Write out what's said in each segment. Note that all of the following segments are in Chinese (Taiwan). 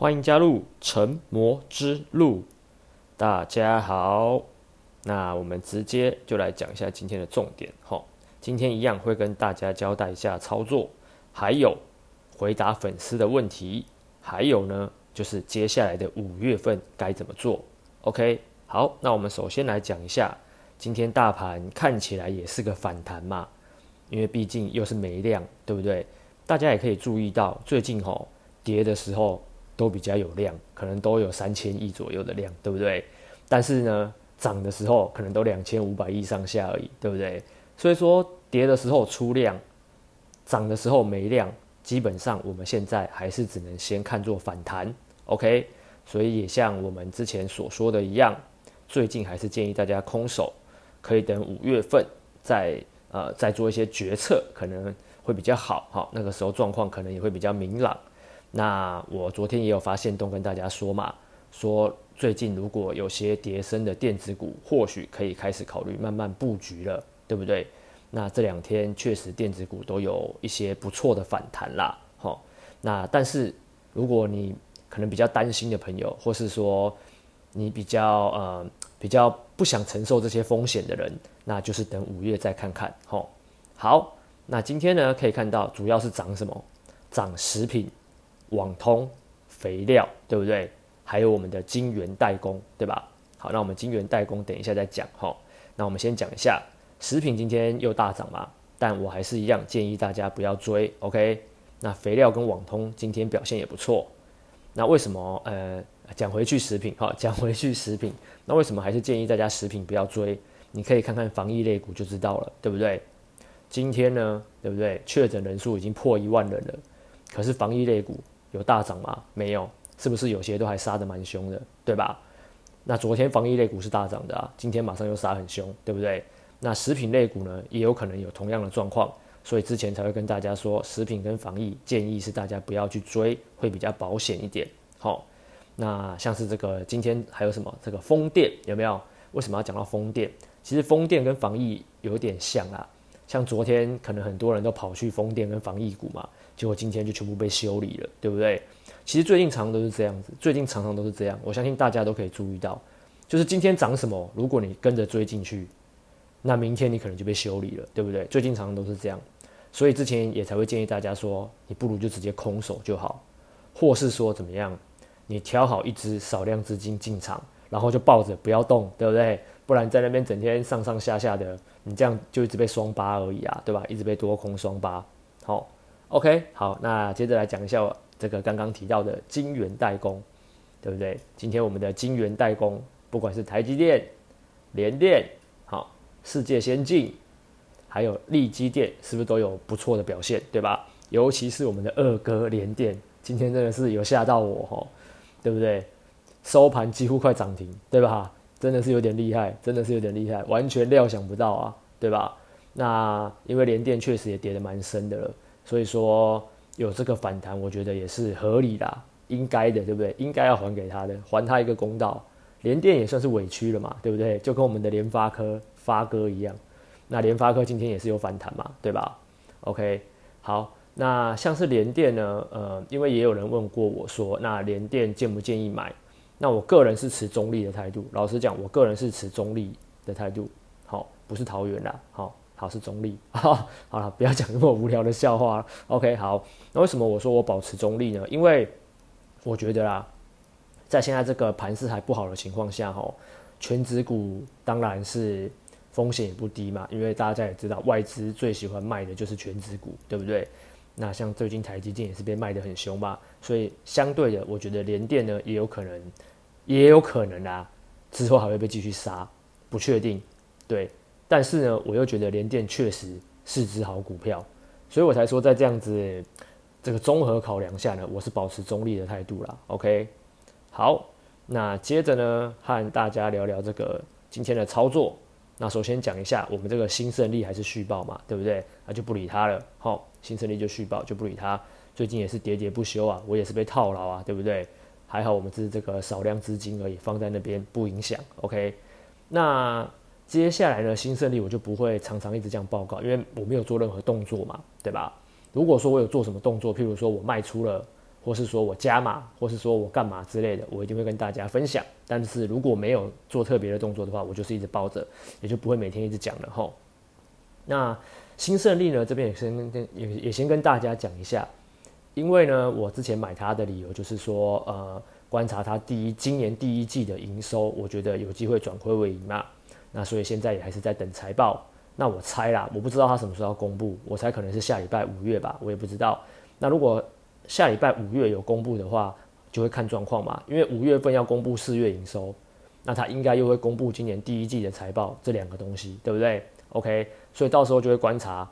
歡迎加入成魔之路，大家好，那我們直接就來講一下今天的重點哈。今天一樣會跟大家交代一下操作，還有回答粉絲的問題，還有呢就是接下來的五月份該怎麼做。OK，好，那我們首先來講一下，今天大盤看起來也是個反彈嘛，因為畢竟又是沒量，對不對？大家也可以注意到最近哈、哦、跌的時候。都比較有量，可能都有三千億左右的量，對不對？但是呢，漲的時候可能都兩千五百億上下而已，對不對？所以說，跌的時候出量，漲的時候沒量，基本上我們現在還是只能先看作反彈，OK？所以也像我們之前所說的一樣，最近還是建議大家空手，可以等五月份再呃再做一些決策，可能會比較好哈，那個時候狀況可能也會比較明朗。那我昨天也有發現，都跟大家說嘛，說最近如果有些跌深的電子股，或許可以開始考慮慢慢佈局了，對不對？那這兩天確實電子股都有一些不錯的反彈啦，吼。那但是如果你可能比較擔心的朋友，或是說你比較呃比較不想承受這些風險的人，那就是等五月再看看，吼。好，那今天呢可以看到主要是漲什麼？漲食品。網通肥料對不對？還有我們的晶圓代工，對吧？好，那我們晶圓代工等一下再講哈。那我們先講一下食品，今天又大漲嘛？但我還是一樣建議大家不要追，OK？那肥料跟網通今天表現也不錯。那為什麼？呃，講回去食品，哈？講回去食品，那為什麼還是建議大家食品不要追？你可以看看防疫類股就知道了，對不對？今天呢，對不對？確診人數已經破一萬人了，可是防疫類股。有大漲嗎？沒有，是不是有些都還殺得蠻兇的，對吧？那昨天防疫類股是大漲的啊，今天馬上又殺很凶，對不對？那食品類股呢，也有可能有同樣的狀況，所以之前才會跟大家說，食品跟防疫建議是大家不要去追，會比較保險一點。好，那像是這個今天還有什麼？這個風電，有沒有？為什麼要講到風電？其實風電跟防疫有點像啊。像昨天可能很多人都跑去風電跟防疫股嘛，結果今天就全部被修理了，對不對？其實最近常常都是這樣子，最近常常都是這樣，我相信大家都可以注意到，就是今天漲什麼，如果你跟着追進去，那明天你可能就被修理了，對不對？最近常常都是這樣，所以之前也才會建議大家說，你不如就直接空手就好，或是說怎麼樣，你挑好一支少量資金進場，然後就抱着不要動，對不對？不然在那邊整天上上下下的。你這樣就一直被雙八而已啊，對吧？一直被多空雙八。好，oh，OK，好，那接着來講一下這個剛剛提到的晶圓代工，對不對？今天我們的晶圓代工，不管是台積電、聯電，好，世界先進，還有力積電，是不是都有不錯的表現，對吧？尤其是我們的二哥聯電，今天真的是有嚇到我哈，對不對？收盤幾乎快漲停，對吧？真的是有點厲害，真的是有點厲害，完全料想不到啊，對吧？那因為聯電確實也跌得蠻深的了，所以說有這個反彈，我覺得也是合理的，應該的，對不對？應該要還給他的，還他一個公道。聯電也算是委屈了嘛，對不對？就跟我們的聯發科發哥一樣，那聯發科今天也是有反彈嘛，對吧？OK，好，那像是聯電呢，呃，因為也有人問過我說，那聯電建不建議買？那我個人是持中立的態度，老實講，我個人是持中立的態度，好，不是桃園啦，好，好是中立， 好了，不要講那麼無聊的笑話，OK，好，那為什麼我說我保持中立呢？因為我覺得啦，在現在這個盤勢還不好的情況下，吼，權值股當然是風險也不低嘛，因為大家也知道，外資最喜歡賣的就是權值股，對不對？那像最近台積電也是被賣得很兇嘛，所以相對的，我覺得聯電呢也有可能，也有可能啦，啊，之後還會被繼續殺，不確定。對，但是呢，我又覺得聯電確實是隻好股票，所以我才說在這樣子這個綜合考量下呢，我是保持中立的態度啦。OK，好，那接着呢，和大家聊聊這個今天的操作。那首先講一下，我們這個新勝利還是續抱嘛，對不對？啊，就不理他了，好，新勝利就續抱，就不理他。最近也是跌跌不休啊，我也是被套牢啊，對不對？還好我們只是這個少量資金而已，放在那邊不影響。OK，那接下來呢，新勝利我就不會常常一直這樣報告，因為我沒有做任何動作嘛，對吧？如果說我有做什麼動作，譬如說我賣出了。或是說我加碼，或是說我幹嘛之類的，我一定會跟大家分享。但是如果沒有做特別的動作的話，我就是一直抱着，也就不會每天一直講了齁。那新勝利呢？這邊也先跟也也先跟大家講一下，因為呢，我之前買它的理由就是說，呃，觀察它第一今年第一季的營收，我覺得有機會轉虧為盈嘛。那所以現在也還是在等財報。那我猜啦，我不知道它什麼時候要公布，我猜可能是下禮拜五月吧，我也不知道。那如果下禮拜五月有公布的話，就會看狀況嘛。因為五月份要公布四月營收，那他應該又會公布今年第一季的財報，這兩個東西，對不對？OK，所以到時候就會觀察，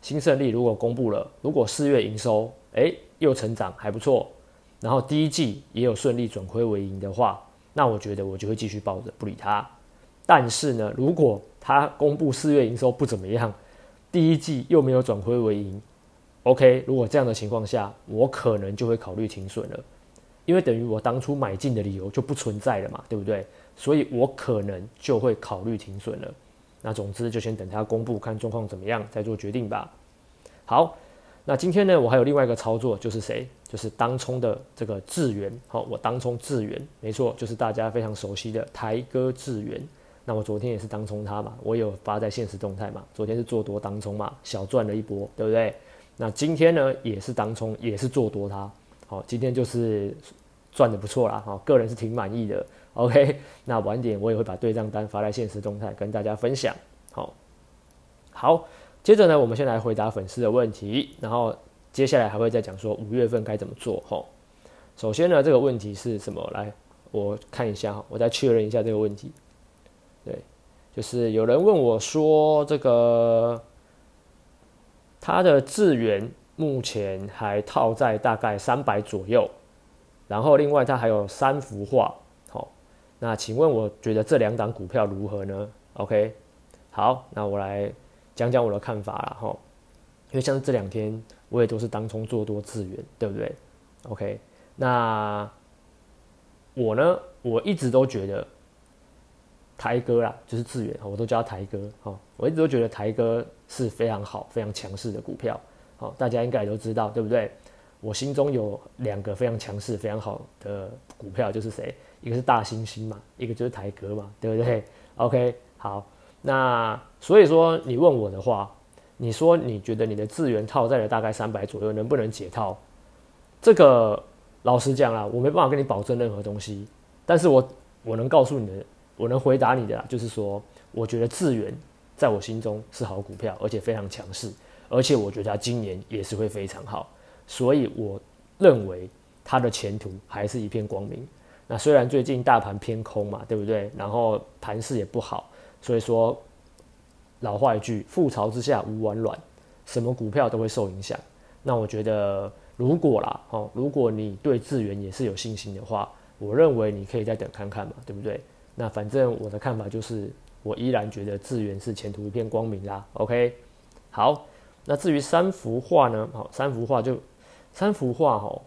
新勝利如果公布了，如果四月營收，哎，又成長還不錯，然後第一季也有順利轉虧為盈的話，那我覺得我就會繼續抱着不理他。但是呢，如果他公布四月營收不怎麼樣，第一季又沒有轉虧為盈。OK，如果這樣的情況下，我可能就會考慮停損了，因為等於我當初買進的理由就不存在了嘛，對不對？所以我可能就會考慮停損了。那總之就先等他公布，看狀況怎麼樣再做決定吧。好，那今天呢，我還有另外一個操作，就是誰？就是當沖的這個智元，好，我當沖智元，沒錯，就是大家非常熟悉的台哥智元。那我昨天也是當沖他嘛，我有發在限時動態嘛，昨天是做多當沖嘛，小賺了一波，對不對？那今天呢，也是當沖也是做多它，好，今天就是賺得不錯啦，好，個人是挺滿意的。OK，那晚點我也會把對賬單發在現實動態跟大家分享。好，好，接着呢，我們先來回答粉絲的問題，然後接下來還會再講說五月份該怎麼做。首先呢，這個問題是什麼？來，我看一下哈，我再確認一下這個問題。對，就是有人問我說這個。它的資源目前還套在大概三百左右，然後另外它還有三福化。好，那請問我覺得這兩檔股票如何呢？OK，好，那我來講講我的看法了哈，因為像這兩天我也都是當沖做多資源，對不對？OK，那我呢，我一直都覺得。台哥啦，就是智源。我都叫他台哥，哦。我一直都覺得台哥是非常好、非常強勢的股票。好，哦，大家應該也都知道，對不對？我心中有兩個非常強勢、非常好的股票，就是誰？一個是大猩猩嘛，一個就是台哥嘛，對不對？OK，好，那所以說你問我的話，你說你覺得你的智源套在了大概三百左右，能不能解套？這個老實講啊，我沒辦法跟你保證任何東西，但是我我能告訴你的。我能回答你的啦，就是說，我覺得資源在我心中是好股票，而且非常強勢，而且我覺得它今年也是會非常好，所以我認為它的前途還是一片光明。那雖然最近大盤偏空嘛，對不對？然後盤勢也不好，所以說老話一句，覆巢之下無完卵，什麼股票都會受影響。那我覺得，如果啦，哦，如果你對資源也是有信心的話，我認為你可以再等看看嘛，對不對？那反正我的看法就是，我依然覺得智原是前途一片光明啦。OK，好，那至於三福化呢？好，三福化就三福化哦，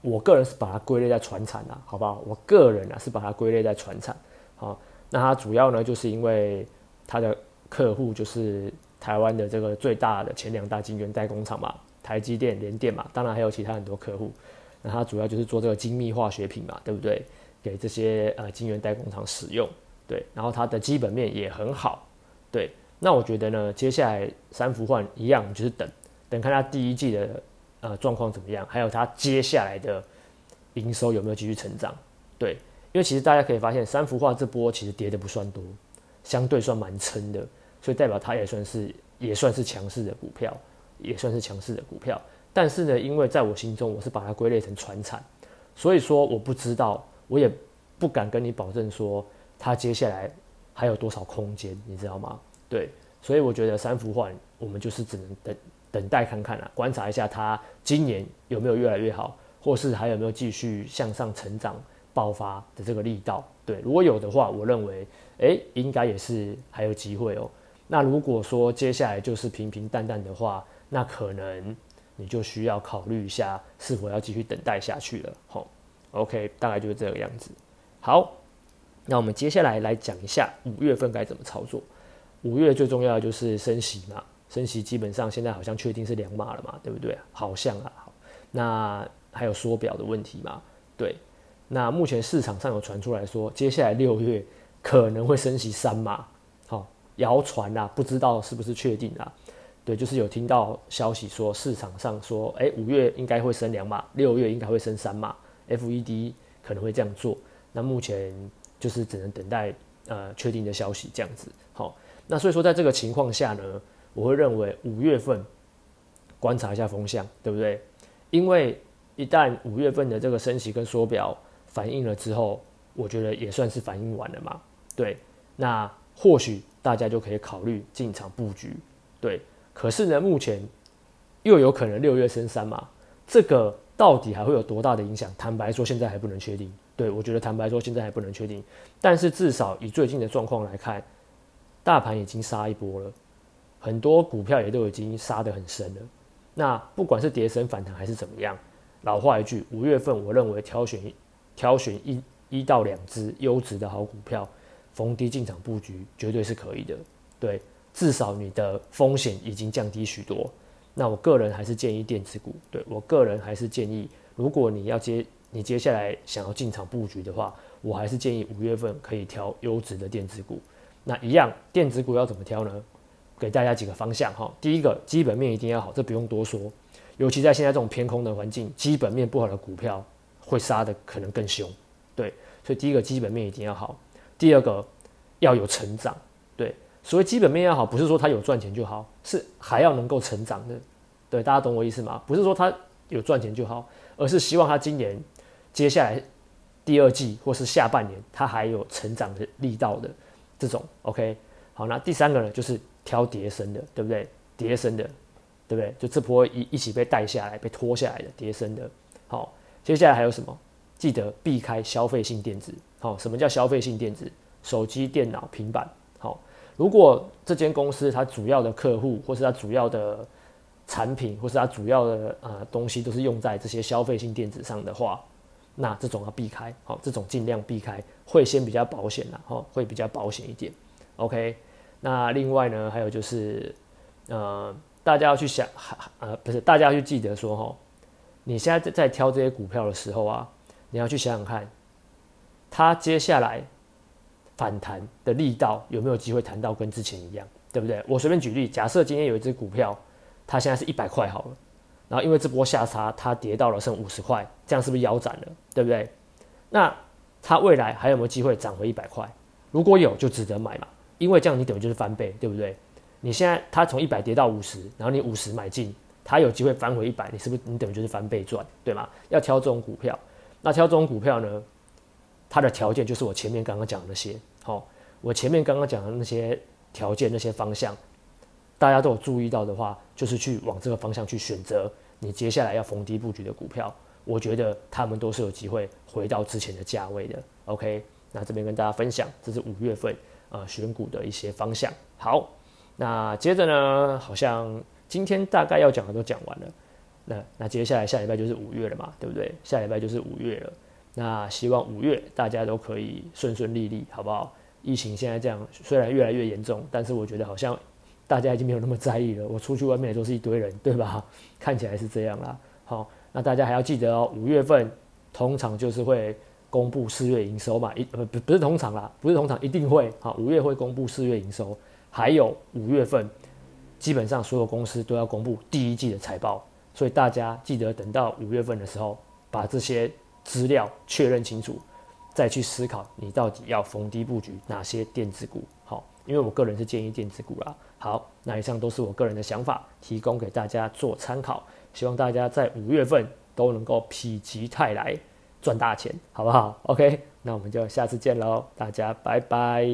我個人是把它歸類在傳產啦、啊，好不好？我個人啊是把它歸類在傳產。好，那它主要呢就是因為它的客戶就是台灣的這個最大的前兩大晶圓代工廠嘛，台積電、聯電嘛，當然還有其他很多客戶。那它主要就是做這個精密化學品嘛，對不對？給這些呃金源代工廠使用，對，然後它的基本面也很好，對。那我覺得呢，接下來三幅畫一樣就是等等看它第一季的呃狀況怎麼樣，還有它接下來的營收有沒有繼續成長，對。因為其實大家可以發現，三幅化這波其實跌的不算多，相對算蠻撐的，所以代表它也算是也算是強勢的股票，也算是強勢的股票。但是呢，因為在我心中我是把它歸類成傳產，所以說我不知道。我也不敢跟你保證說它接下來還有多少空間，你知道嗎？對，所以我覺得三福化，我們就是只能等等待看看了，觀察一下它今年有沒有越來越好，或是還有沒有繼續向上成長爆發的這個力道。對，如果有的話，我認為哎、欸，應該也是還有機會哦、喔。那如果說接下來就是平平淡淡的話，那可能你就需要考慮一下是否要繼續等待下去了齁。OK，大概就是這個樣子。好，那我們接下來來講一下五月份該怎麼操作。五月最重要的就是升息嘛，升息基本上現在好像確定是兩碼了嘛，對不對？好像啊。那還有縮表的問題嘛？對。那目前市場上有傳出來說，接下來六月可能會升息三碼。好、哦，謠傳啊，不知道是不是確定啊？對，就是有聽到消息說市場上說，哎、欸，五月應該會升兩碼，六月應該會升三碼。FED 可能會這樣做，那目前就是只能等待呃確定的消息這樣子。好，那所以說在這個情況下呢，我會認為五月份觀察一下風向，對不對？因為一旦五月份的這個升息跟縮表反應了之後，我覺得也算是反應完了嘛。對，那或許大家就可以考慮進場佈局。對，可是呢，目前又有可能六月升三嘛，這個。到底還會有多大的影響？坦白說，現在還不能確定。對，我覺得坦白說，現在還不能確定。但是至少以最近的狀況來看，大盤已經殺一波了，很多股票也都已經殺得很深了。那不管是跌深反彈還是怎麼樣，老話一句，五月份我認為挑選挑選一一到兩支優質的好股票，逢低進場布局絕對是可以的。對，至少你的風險已經降低許多。那我個人還是建議電子股，對我個人還是建議，如果你要接你接下來想要進場佈局的話，我還是建議五月份可以挑優質的電子股。那一樣，電子股要怎麼挑呢？給大家幾個方向哈。第一個，基本面一定要好，這不用多說。尤其在現在這種偏空的環境，基本面不好的股票會殺得可能更兇。對，所以第一個，基本面一定要好。第二個，要有成長，對。所以基本面要好，不是說他有賺錢就好，是還要能夠成長的。對，大家懂我意思嗎？不是說他有賺錢就好，而是希望他今年、接下來第二季或是下半年，他還有成長的力道的這種。OK，好，那第三個呢，就是挑跌深的，對不對？跌深的，對不對？就這波一一起被帶下來、被拖下來的跌深的。好，接下來還有什麼？記得避開消費性電子。好，什麼叫消費性電子？手機、電腦、平板。好。如果這間公司它主要的客戶，或是它主要的產品，或是它主要的呃東西，都是用在這些消費性電子上的話，那這種要避開，好、喔，這種盡量避開，會先比較保險啦，吼、喔，會比較保險一點。OK，那另外呢，還有就是呃，大家要去想，還呃不是，大家要去記得說，吼、喔，你現在在挑這些股票的時候啊，你要去想想看，它接下來。反彈的力道有沒有機會彈到跟之前一樣，對不對？我隨便舉例，假設今天有一只股票，它現在是一百塊好了，然後因為這波下殺，它跌到了剩五十塊，這樣是不是腰斬了？對不對？那它未來還有沒有機會漲回一百塊？如果有，就值得買嘛，因為這樣你等於就是翻倍，對不對？你現在它從一百跌到五十，然後你五十買進，它有機會翻回一百，你是不是你等於就是翻倍賺，對嗎？要挑這種股票，那挑這種股票呢？它的條件就是我前面剛剛講的那些，好，我前面剛剛講的那些條件那些方向，大家都有注意到的話，就是去往這個方向去選擇你接下來要逢低布局的股票，我覺得他們都是有機會回到之前的價位的。OK，那這邊跟大家分享，這是五月份啊、呃、選股的一些方向。好，那接着呢，好像今天大概要講的都講完了，那那接下來下禮拜就是五月了嘛，對不對？下禮拜就是五月了。那希望五月大家都可以順順利利，好不好？疫情現在這樣雖然越來越嚴重，但是我覺得好像大家已經沒有那麼在意了。我出去外面也都是一堆人，對吧？看起來是這樣啦。好，那大家還要記得哦、喔，五月份通常就是會公布四月營收嘛，一不不不是通常啦，不是通常一定會。好，五月會公布四月營收，還有五月份基本上所有公司都要公布第一季的財報，所以大家記得等到五月份的時候把這些。資料確認清楚，再去思考你到底要逢低佈局哪些電子股。好，因為我個人是建議電子股啦。好，那以上都是我個人的想法，提供給大家做參考。希望大家在五月份都能夠否極泰來，賺大錢，好不好？OK，那我們就下次見嘍，大家拜拜。